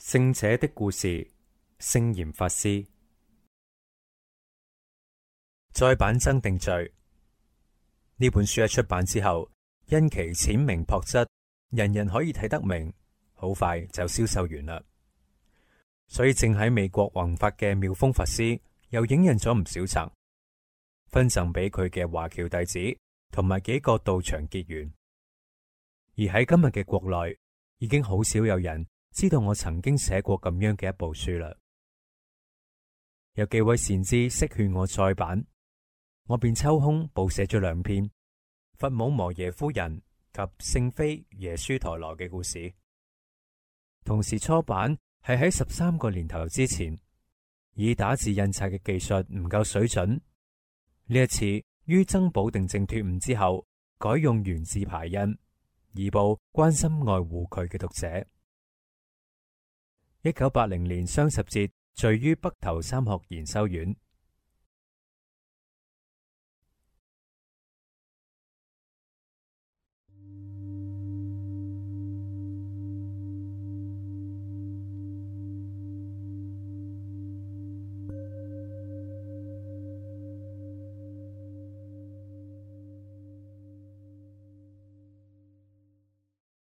聖者的故事，聖嚴法師。再版增訂序。呢本書一出版之後，因其淺明朴質，人人可以睇得明，好快就銷售完啦。所以正喺美國弘法嘅妙峰法師，又影印咗唔少冊，分贈俾佢嘅華僑弟子同埋幾個道場結緣。而喺今日嘅國內，已經好少有人知道我曾經寫過咁樣嘅一部書嘞。有幾位善知識勸我再版，我便抽空補寫咗兩篇《佛母摩耶夫人及聖妃耶輸陀羅嘅故事》，同時初版係喺十三個年頭之前，以打字印刷嘅技術唔夠水準。呢一次於增補訂正脫誤之後，改用原字排印，以報關心愛護佢嘅讀者。一九八零年雙十節聚於北投三學研修院。